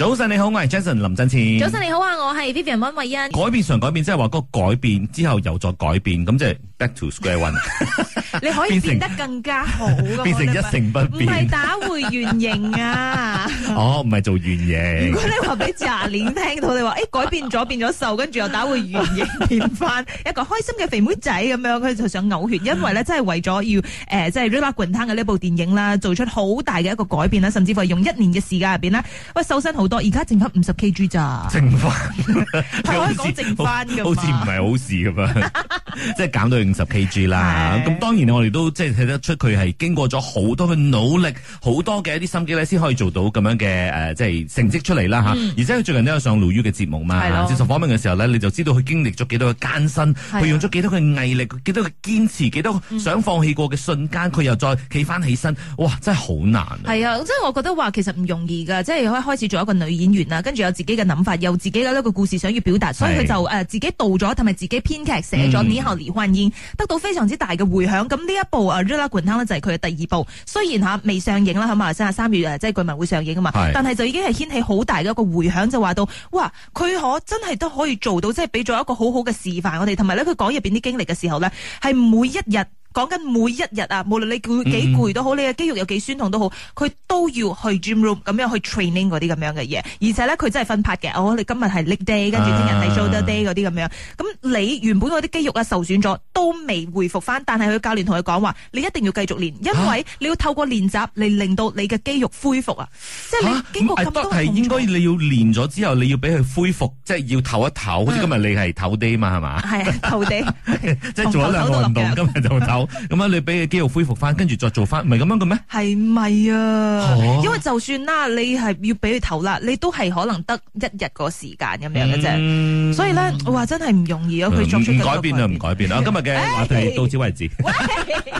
早晨你好，我係 Jason 林振慈。早晨你好啊，我係 Vivian 溫慧欣。改變常改變，即係話個改變之後又再改變，咁即係 back to square one。 你可以變得更加好，變成一成不變，唔係打回原形啊！哦，唔係做原形。如果你話俾廿年聽到你話，誒、欸、改變咗變咗瘦，跟住又打回原形變翻一個開心嘅肥妹仔咁樣，佢就想嘔血，因為咧真係為咗要誒，即、呃、係《The Guardian》嘅呢部電影啦，做出好大嘅一個改變啦，甚至乎係用一年嘅時間入邊咧，喂瘦身好多，而家剩翻五十 K G 咋？剩翻 像！剩翻，可以講剩翻嘛？好似唔係好事咁樣 即係減到去五十 K G 啦，咁的當然我哋都即係睇得出佢係經過咗好多嘅努力，好多嘅一啲心機咧，先可以做到咁樣嘅誒、呃，即係成績出嚟啦吓。嗯、而且佢最近都有上《魯豫》嘅節目嘛，接受訪問嘅時候咧，你就知道佢經歷咗幾多嘅艱辛，佢的用咗幾多嘅毅力，幾多嘅堅持，幾多想放棄過嘅瞬間，佢、嗯、又再企翻起身，哇，真係好難。係啊，即係我覺得話其實唔容易噶，即係可以開始做一個女演員啦，跟住有自己嘅諗法，有自己嘅一個故事想要表達，所以佢就誒自己導咗，同埋自己編劇寫咗然後離婚宴得到非常之大嘅回響，咁呢一部啊《r u t o l p m，呢就係佢嘅第二部，雖然吓未、啊、上映啦，喺馬來西亞三月即係據聞會上映㗎嘛，是的 但係就已經係掀起好大嘅一個回響，就話到哇，佢可、啊、真係都可以做到，即係俾咗一個好好嘅示範我哋，同埋呢，佢講入邊啲經歷嘅時候呢，係每一日講緊每一日啊，無論你攰幾攰都好，嗯、你嘅肌肉有幾酸痛都好，佢都要去 gym room 咁樣去 training 嗰啲咁樣嘅嘢，而且呢，佢真係分拍嘅，我、哦、你今日係 leg day，跟住聽日係 shoulder day 嗰啲咁樣，你原本嗰啲肌肉啊受損咗，都未恢復翻。但係佢教練同佢講話，你一定要繼續練，因為你要透過練習嚟令到你嘅肌肉恢復啊。 即係，我覺得係應該你要練咗之後你要俾佢恢復，即係要唞一唞。好似今日你係唞啲嘛係嘛？係唞啲，即係做咗兩個運動，頭頭今日就唞。咁樣你俾佢肌肉恢復翻，跟住再做翻，唔係咁樣嘅咩？係唔係啊？哦、因為就算啦，你係要俾佢唞啦，你都係可能得一日個時間咁樣嘅啫。嗯、所以咧，我話真係唔用。唔改變啊，唔改變啦， 今日嘅話題到此為止。喂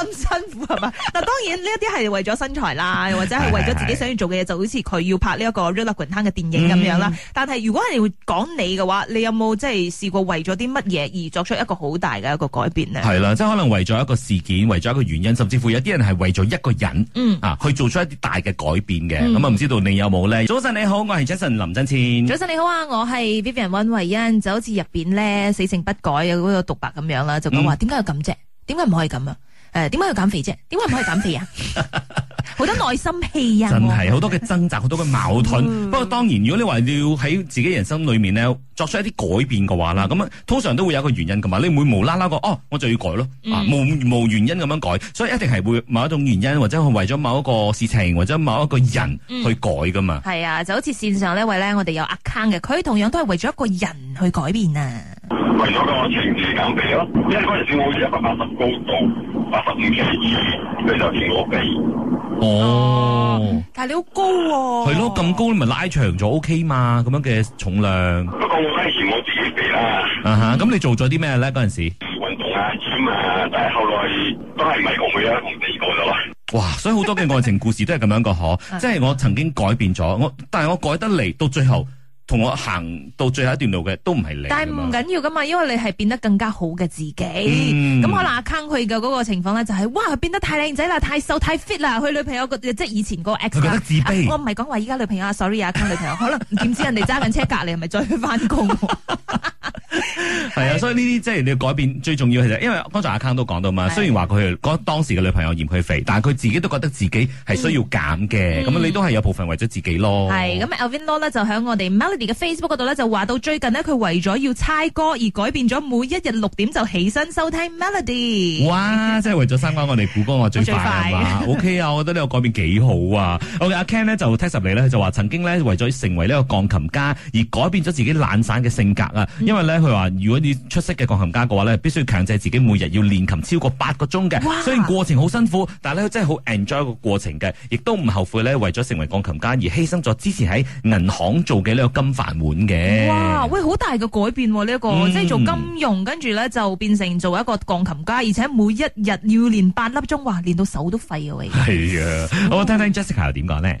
咁辛苦係嘛？嗱， 當然呢一啲係為咗身材啦，或者係為咗自己想要做嘅嘢，是是是就好似佢要拍呢、這、一個《Running Man》嘅電影咁樣啦。嗯、但係如果係講你嘅話，你有冇即係試過為咗啲乜嘢而作出一個好大嘅一個改變呢？係啦，即係可能為咗一個事件，為咗一個原因，甚至乎有啲人係為咗一個人，嗯啊，去做出一啲大嘅改變嘅。咁啊，唔知道你有冇咧？早晨你好，我係 Jason 林振千。早晨你好啊，我係 Vivian 溫慧欣。就好似入邊咧死性不改嗰個獨白咁樣啦，就講話點解要咁啫？點解唔可以咁啊？誒，點解、呃、要減肥啫？點解唔可以減肥 啊？好多內心戲啊！真係好多嘅掙扎，好多嘅矛盾。 不過當然，如果你話要喺自己人生裏面咧，作出一啲改變嘅話啦，咁啊，通常都會有一個原因噶嘛。你唔會無啦啦個哦，我就要改咯，冇、啊、冇原因咁樣改。所以一定係會某一種原因，或者係為咗某一個事情，或者某一個人去改噶嘛。係、嗯、啊，就好似線上呢位呢為咧我哋有 account 嘅，佢同樣都係為咗一個人去改變啊。為咗個情緒減肥咯，因為嗰陣時我好似一百八十高度，八十五十二，你就叫我肥。哦，但係你好高喎。哦。係咯，咁高你咪拉長咗 OK 嘛，咁樣嘅重量。不過我拉完我自己肥啦。咁，嗯嗯、你做咗啲咩咧？嗰陣時運動啊，咁啊，但係後來都係唔係好肥啊，唔肥咗咯。哇，所以好多嘅愛情故事都係咁樣個嗬。 吧即係我曾經改變咗我，但係我改得嚟，到最後。同我行到最後一段路嘅都唔係你，但係唔緊要噶嘛，因為你係變得更加好嘅自己。咁我、嗯、阿坑佢嘅嗰個情況咧、就係，就係哇佢變得太靚仔啦，太瘦太 fit 啦，佢女朋友個即係以前個 ex 覺得自卑。啊、我唔係講話依家女朋友啊 ，sorry 啊，坑女朋友，可能唔點知人哋揸緊車隔離，係咪再去翻工？係啊， 對對所以呢啲即係你要改變最重要，其實因為剛才阿 Ken 都講到嘛，對雖然話佢嗰當時嘅女朋友嫌佢肥，但係佢自己都覺得自己係需要減嘅，咁、嗯、你都係有部分為咗自己咯。係咁，Alvin Law 呢就響我哋 Melody 嘅 Facebook 嗰度呢，就話到最近呢，佢為咗要猜歌而改變咗每一日六點就起身收聽 Melody。哇， 即係為咗生瓜我哋估歌我最快啊嘛。OK 啊， okay, 我覺得呢個改變幾好啊。OK 阿 Ken 就 text 上嚟呢，就話曾經呢，為咗成為呢個鋼琴家而改變咗自己懶散嘅性格啊，嗯、因為呢佢話：如果你出色嘅鋼琴家嘅話咧，必須要強制自己每日要練琴超過八個鐘嘅，哇雖然過程好辛苦，但係咧真係好 enjoy 個過程嘅，亦都唔後悔咧為咗成為鋼琴家而犧牲咗之前喺銀行做嘅呢個金飯碗嘅。哇！喂，好大嘅改變呢、啊、一、這個，嗯、即係做金融，跟住咧就變成做一個鋼琴家，而且每一日要練八粒鐘，哇！練到手都廢嘅喎。係啊，我都聽聽 Jessica 點講咧。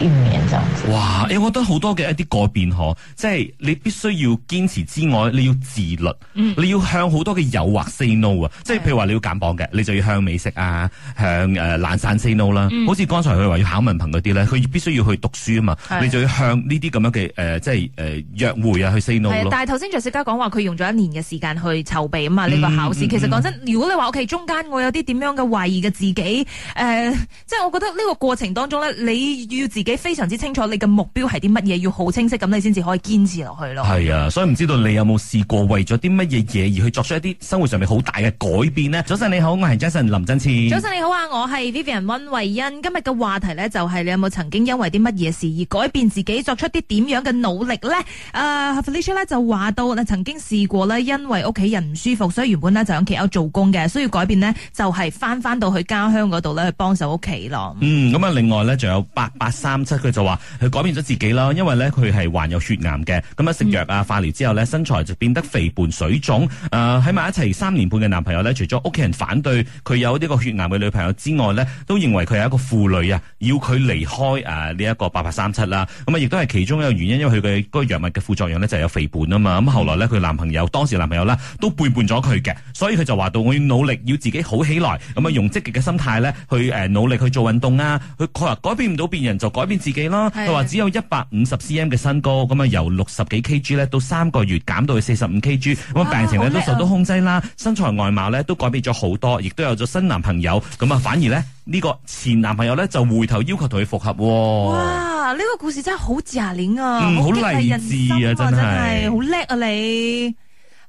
嚴嚴哇！我覺得好多嘅一啲改變嗬，即係你必須要堅持之外，你要自律，嗯、你要向好多嘅誘惑 say no 啊的！即係譬如話你要減磅嘅，你就要向美食啊，向誒、呃、懶散 say no 啦、嗯。好似剛才佢話要考文憑嗰啲咧，佢必須要去讀書啊嘛，的你就要向呢啲咁樣嘅誒、呃，即係誒、呃、約會啊去 say no, 的 no 但係頭先在石家講話，佢用咗一年嘅時間去籌備啊嘛，呢、嗯、個考試其實講真，如果你話屋企中間我有啲點樣嘅懷疑嘅自己，誒、呃，即係我覺得呢個過程當中咧，你要自己。你非常之清楚，你嘅目標係啲乜嘢，要好清晰，咁你先至可以堅持落去咯。係啊，所以唔知道你有冇試過為咗啲乜嘢嘢而去作出一啲生活上面好大嘅改變呢？早晨你好，我係 Jason 林振千。早晨你好啊，我係 Vivian 温慧欣。今日嘅話題呢，就係你有冇曾經因為啲乜嘢事而改變自己，作出啲點樣嘅努力呢？啊、uh，Felicia 就話到，曾經試過呢，因為屋企人唔舒服，所以原本呢就喺其他做工嘅，所以改變呢就係翻翻到去家鄉嗰度呢，去幫手屋企咯。嗯，咁啊，另外呢，仲有八八三。 七佢就話佢改變咗自己啦，因為呢，佢係患有血癌嘅，咁啊食藥啊化療之後呢，身材就變得肥胖水腫，誒喺埋一齊三年半嘅男朋友呢，除咗屋企人反對佢有呢個血癌嘅女朋友之外呢，都認為佢係一個婦女啊，要佢離開誒呢一個八八三七啦，咁啊亦都係其中一個原因，因為佢嘅嗰個藥物嘅副作用呢，就係有肥胖啊嘛，咁後來呢，佢男朋友當時男朋友呢，都背叛咗佢嘅，所以佢就話到我要努力要自己好起來，咁啊用積極嘅心態呢，去誒努力去做運動啊，佢佢話改變唔到別人就改。自己啦，佢話只有一百五十 cm 嘅身高，咁啊由六十幾 kg 咧，到三個月減到去四十五 kg，咁啊病情咧都受到控制啦，啊、身材外貌咧都改變咗好多，亦都有咗新男朋友，咁啊反而咧呢個前男朋友咧就回頭要求同佢複合。哇！呢、這個故事真係好廿年啊，好勵志啊，真係好叻啊你。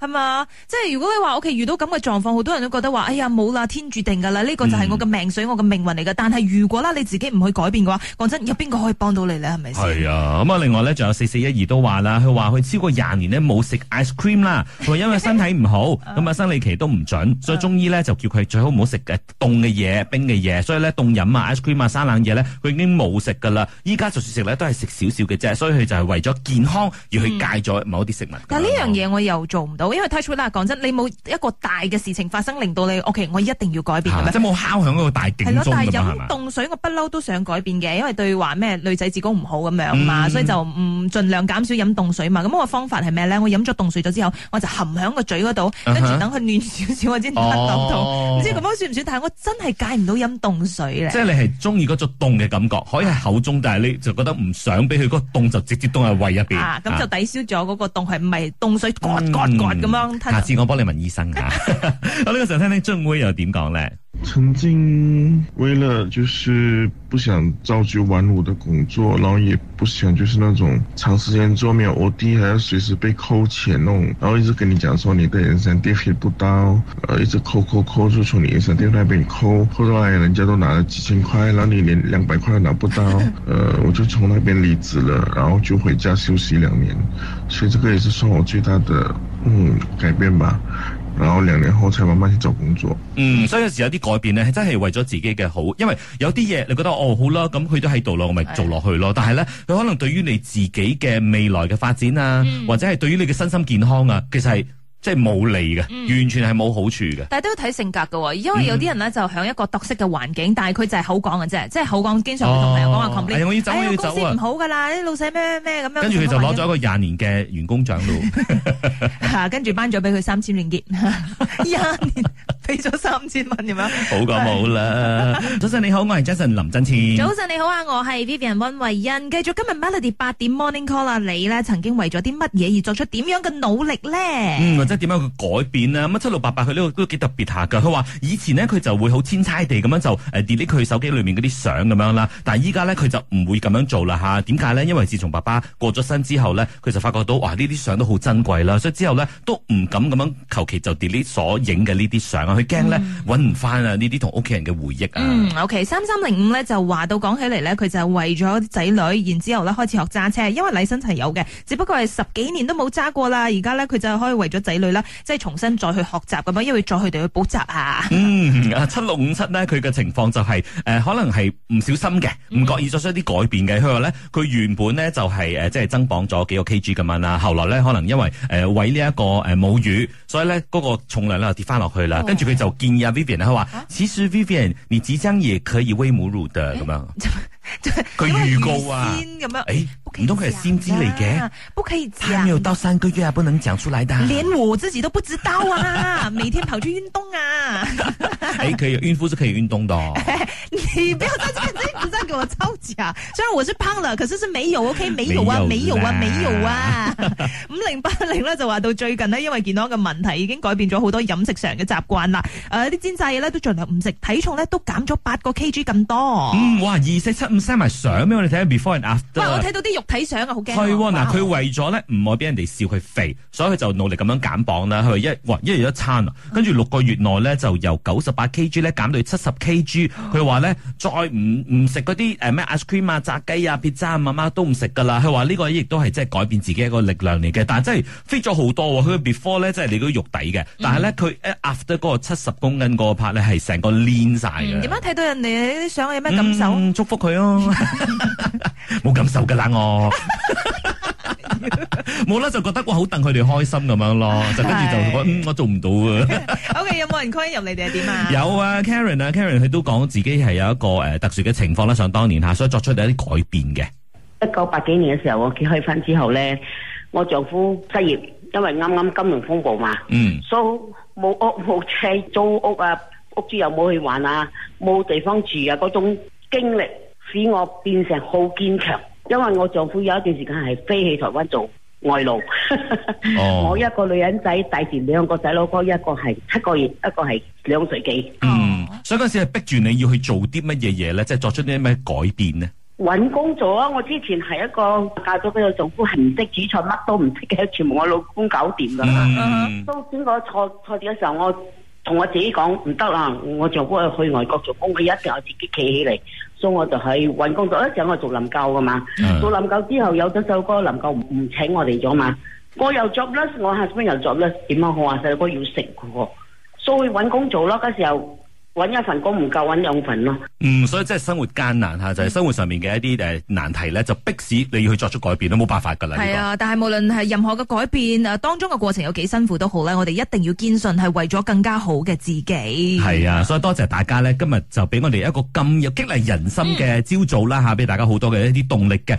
係嘛？即係如果你話屋企遇到咁嘅狀況，好多人都覺得話：哎呀，冇啦，天注定噶啦，呢個就係我嘅命水，嗯、我嘅命運嚟噶。但係如果啦，你自己唔去改變嘅話，講真，有邊個可以幫到你咧？係咪先？係啊，咁啊，另外咧，仲有四四一二都話啦，佢話佢超過廿年呢冇食 ice cream 啦，佢因為身體唔好，咁啊 生理期都唔準，所以中醫咧就叫佢最好唔好食嘅凍嘅嘢、冰嘅嘢，所以咧凍飲啊、ice cream 啊、生冷嘢咧，佢已經冇食噶啦。依家就算食咧，都係食少少嘅啫，所以佢就係為咗健康而去戒咗某啲食物。嗯、但呢樣嘢我又做唔到。因為太粗啦，講真，你冇一個大嘅事情發生，令到你，OK，我一定要改變咁樣，啊、嗎即冇敲響嗰個大警鐘係嘛？但係飲凍水，嗎我不嬲都想改變嘅，因為對話咩女仔子宮唔好咁樣嘛，嗯、所以就唔盡量減少飲凍水嘛。咁我方法係咩咧？我飲咗凍水咗之後，我就含喺個嘴嗰度，跟住等佢暖少少，uh huh. 我先吞到唔知咁樣算唔算？但係我真係戒唔到飲凍水咧。即係你係中意嗰種凍嘅感覺，可以係口中，但係你就覺得唔想俾佢嗰個凍就直接凍喺胃入邊。啊，咁就抵消咗嗰個凍係唔係凍水幹幹嗯、下次我幫你問醫生啊！那 個時候聽聽鐘威又點講嘞。曾經為了就是不想朝九晚五的工作，然後也不想就是那種長時間做沒有。我哋還要隨時被扣錢咯。然後一直跟你講說你的人生跌跌不到呃，一直扣扣扣就從你人生店那邊扣，後來人家都拿了幾千塊，然後你連兩百塊都拿不到， 呃，我就從那邊離職了，然後就回家休息兩年，所以這個也是算我最大的。嗯，改變吧，然後兩年後才慢慢去找工作。嗯，所以有時有啲改變咧，真係為咗自己嘅好，因為有啲嘢你覺得哦好啦，咁佢都喺度咯，我咪做落去咯。對但係咧，佢可能對於你自己嘅未來嘅發展啊，嗯、或者係對於你嘅身心健康啊，其實係。即係冇利嘅，完全係冇好處嘅。但係都要睇性格嘅，因為有啲人咧就喺一個特色嘅環境，但係佢就係口講嘅啫，即係口講，經常會同朋友講話，我要走，公司唔好噶啦，啲老細咩咩咁樣。跟住佢就攞咗一個廿年嘅員工獎路，跟住頒咗俾佢三千廉潔，廿年俾咗三千蚊咁樣。好過冇啦。早晨你好，我係 Jason 林振添。早晨你好啊，我係 Vivian 溫慧欣。繼續今日 Melody 八點 Morning Call 啊，你咧曾經為咗啲乜嘢而作出點樣嘅努力咧？即係點樣佢改變啦，咁七六八八佢呢個都幾特別下噶。佢話以前呢，佢就會好天差地咁樣就誒 delete 佢手機裏面嗰啲相咁樣啦。但係依家呢，佢就唔會咁樣做啦吓。點解呢？因為自從爸爸過咗身之後呢，佢就發覺到哇呢啲相都好珍貴啦。所以之後呢，都唔敢咁樣求其就 delete 所影嘅呢啲相啊。佢驚呢，搵唔翻啊呢啲同屋企人嘅回憶啊。O K 三三零五呢就話到講起嚟呢，佢就為咗仔女，然之後呢開始學揸車，因為禮身係有嘅，只不過係十幾年都冇揸過啦。而家呢，佢就可以為咗仔。類啦，即係重新再去學習咁樣，因為再佢哋去補習、嗯、啊。嗯，七六五七咧，佢嘅情況就係、是、誒、呃，可能係唔小心嘅，唔覺意作出一啲改變嘅。佢話咧，佢原本咧就係、是、誒，即、呃、係、就是、增磅咗幾個 K G 咁樣啦。後來咧，可能因為誒餵呢一個誒母乳，所以咧嗰個重量咧跌翻落去啦。跟住佢就建議阿 Vivian，佢話其、啊、實 Vivian 你即將也可以餵母乳的咁咦樣。 佢預告啊，咁樣，有有誒，唔通佢係先知嚟嘅，不可以講，啊。沒有到三個月啊，不能講出來的，啊，連我自己都不知道啊， 每天跑去運動啊， 誒，可以，孕婦是可以運動的，哦，你不要真真真。 真係給我抽姐，雖然我是胖啦，可是是美有，OK？美有啊，美有啊，美有啊。五零八零咧就話到最近呢，因為健康嘅問題，已經改變咗好多飲食上嘅習慣啦。誒，啲煎炸嘢咧都盡量唔食，體重咧都減咗八個 KG 咁多。嗯，哇，二四七五 send 埋相俾我哋睇下，before and after。喂，我睇到啲肉體相啊，好驚、哦。係嗱哇，佢為咗咧唔愛俾人哋笑佢肥，所以佢就努力咁樣減磅啦。佢一一日一餐，啊、嗯，跟住六個月內咧就由九十八 KG 咧減到七十 KG、嗯。佢話咧再唔唔。食嗰啲誒咩 ice cream 啊、炸雞啊、pizza 啊，媽媽都唔食噶啦。佢話呢個亦都係即係改變自己一個力量嚟嘅。但係真係 fit 咗好多。佢 before 咧即係你嗰個肉底嘅，但係咧佢 after 嗰個七十公斤嗰個拍咧係成個攣晒嘅。點啊、嗯？睇到人哋啲相有咩感受？嗯、祝福佢哦、啊。冇 感受噶啦我。 冇啦， 無無覺就覺得我好戥佢哋開心咁樣咯，就跟住就我我做唔到 okay, 有有啊。O K，有冇人 call 入你哋係點啊？有啊，Karen 啊，Karen 佢都講自己係有一個誒特殊嘅情況啦。想當年吓，所以作出一啲改變嘅。一九八幾年嘅時候，我結開婚之後咧，我丈夫失業，因為啱啱金融風暴嘛，嗯，所以冇屋冇車，租屋啊，屋主又冇去玩啊，冇地方住啊，嗰種經歷使我變成好堅強。因為我丈夫有一段時間係飛去台灣做外勞 ，oh. 我一個女人仔帶住兩個仔佬哥，一個係七個月，一個係兩歲幾。Oh. 嗯，所以嗰陣時係逼住你要去做啲乜嘢嘢咧，即係作出啲咩改變咧？搵工做啊！我之前係一個嫁咗俾個丈夫，係唔識煮菜，乜都唔識嘅，全部我老公搞掂噶啦。Oh. 都經過錯錯點嘅時候，我。同我自己講唔得啦！我丈夫去外國做工，我一定要自己企起嚟，所以我就喺搵工作。嗰時我做臨教噶嘛，做臨教之後有咗細哥，臨教唔請我哋咗嘛，我又作啦，我下邊又作啦，點樣好啊！細路哥要食嘅喎，所以搵工做咯，嗰時候。搵一份工唔夠，搵兩份咯。嗯，所以即係生活艱難吓，就係、是、生活上面嘅一啲誒難題咧，就迫使你要去作出改變都冇辦法噶啦。係啊，這個、但係無論係任何嘅改變誒，當中嘅過程有幾辛苦都好咧，我哋一定要堅信係為咗更加好嘅自己。係啊，所以多謝大家咧，今日就俾我哋一個咁有激勵人心嘅朝早啦吓，俾、嗯、大家好多嘅一啲動力嘅。